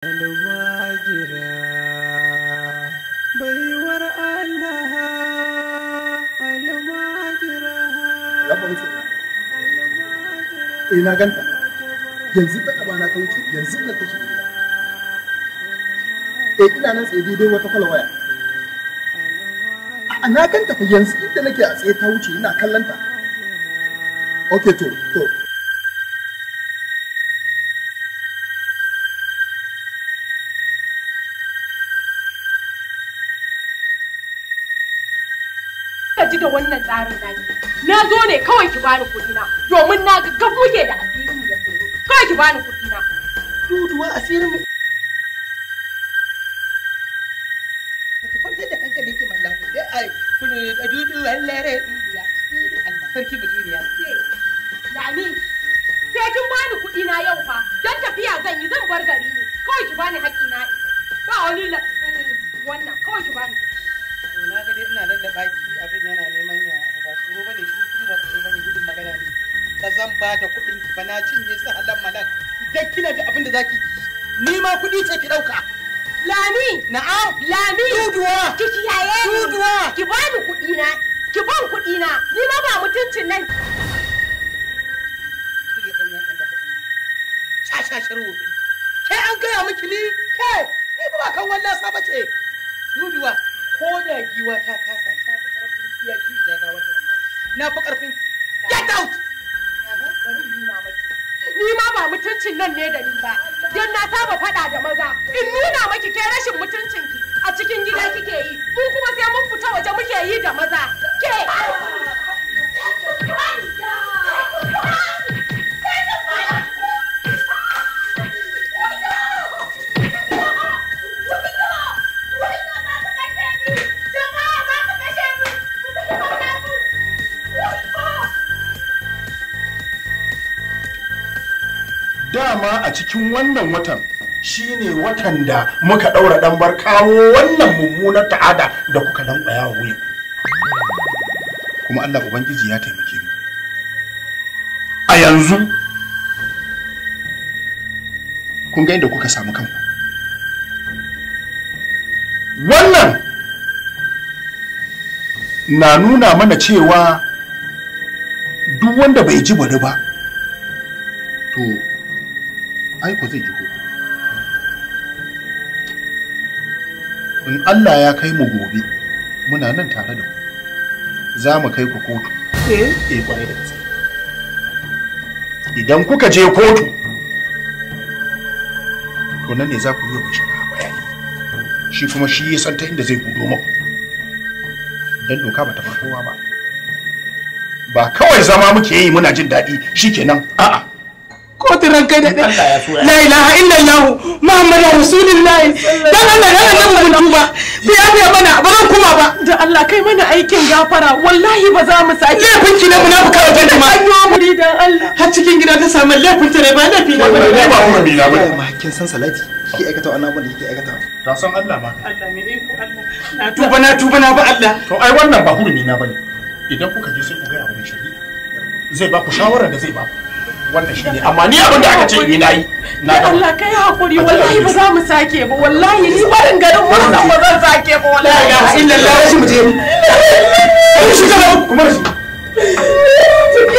almajira baiwar Allah almajira eh na ganta yanzu ta gaba na ta wuce yanzu na ta shiga eh ina nan tsaye dai wata kwalwaya a na ganta fa yanzu inda nake a tsaye ta wuce ina kallon ta okay to to ji da wannan tsarin naki. Na zo ne kawai ki bani kuɗina na domin na ga gabu muke da asirin mu ya tsoro. Kawai ki bani kuɗina. na. Duduwa asirin mu. Ki kwanta da hankali ki mallan ku sai ai kun da dudu wallare duduwa. Allah sarki bujuriya. Lami sai kin bani kuɗina na yau fa don tafiya zan yi zan bar gari ne kawai ki bani haƙƙi na ba wani na cinye su halan malak idan kina da abin da zaki ni ma kuɗi ce ki ɗauka. Lami! Na'am! Lami! Duduwa! Ki kiyaye ni! Duduwa! Ki bani kuɗi na! Ki ban kuɗi na! Ni ma ba mutuncin nan! Shashashar wofi! Ke an gaya miki ni? Ke! Ni ba kan wallasa ba ce! Duduwa! Ko da giwa ta kasa ta fi ƙarfin iya ki ijaga wata wallahi. Na fi ƙarfin! Get out! ni ma ba mutuncin nan ne da ni ba don na saba faɗa da maza in nuna maki ke rashin mutuncinki a cikin gida kike yi mu kuma sai mun fita waje dama a cikin wannan watan shi ne watan da muka ɗaura ɗan bar kawo wannan mummunar ta'ada da kuka lankwaya wa wuyan kuma allah ubangiji ya taimake mu a yanzu kun ga inda kuka samu kanku wannan na nuna mana cewa duk wanda bai ji bari ba to aiko zai yi in Allah ya kai mu gobe muna nan tare da ku za mu kai ku kotu eh eh kwarai da idan kuka je kotu to nan ne za ku yi wa shari'a bayani shi kuma shi ya san ta inda zai gudo maku. dan doka ba ta kowa ba ba kawai zama muke yi muna jin daɗi shikenan a'a kotu ranka da ɗaya la ilaha illallah muhammadu rasulullahi dan allah dan annabi mun tuba bi abiya mana ba zan kuma ba da allah kai mana aikin gafara wallahi ba za mu sake laifin ki na munafika wajen ma. an muri dan allah har cikin gida ta samu laifin ta ne ba laifi ne ba ba mu bi na ba ma kin san salati ki aikata wannan abin da kike aikata ta san allah ma allah ne ko allah na tuba na tuba na ba allah to ai wannan ba hurumi na bane idan kuka je sai ku ga ya shari'a zai ba ku shawara da zai ba ku wannan shi ne amma ni abin da aka ce ni nayi na ga Allah kai hakuri wallahi ba za mu sake ba wallahi ni barin garin mun ba zan sake ba wallahi la ilaha illallah shi mu je mu shi kana kuma shi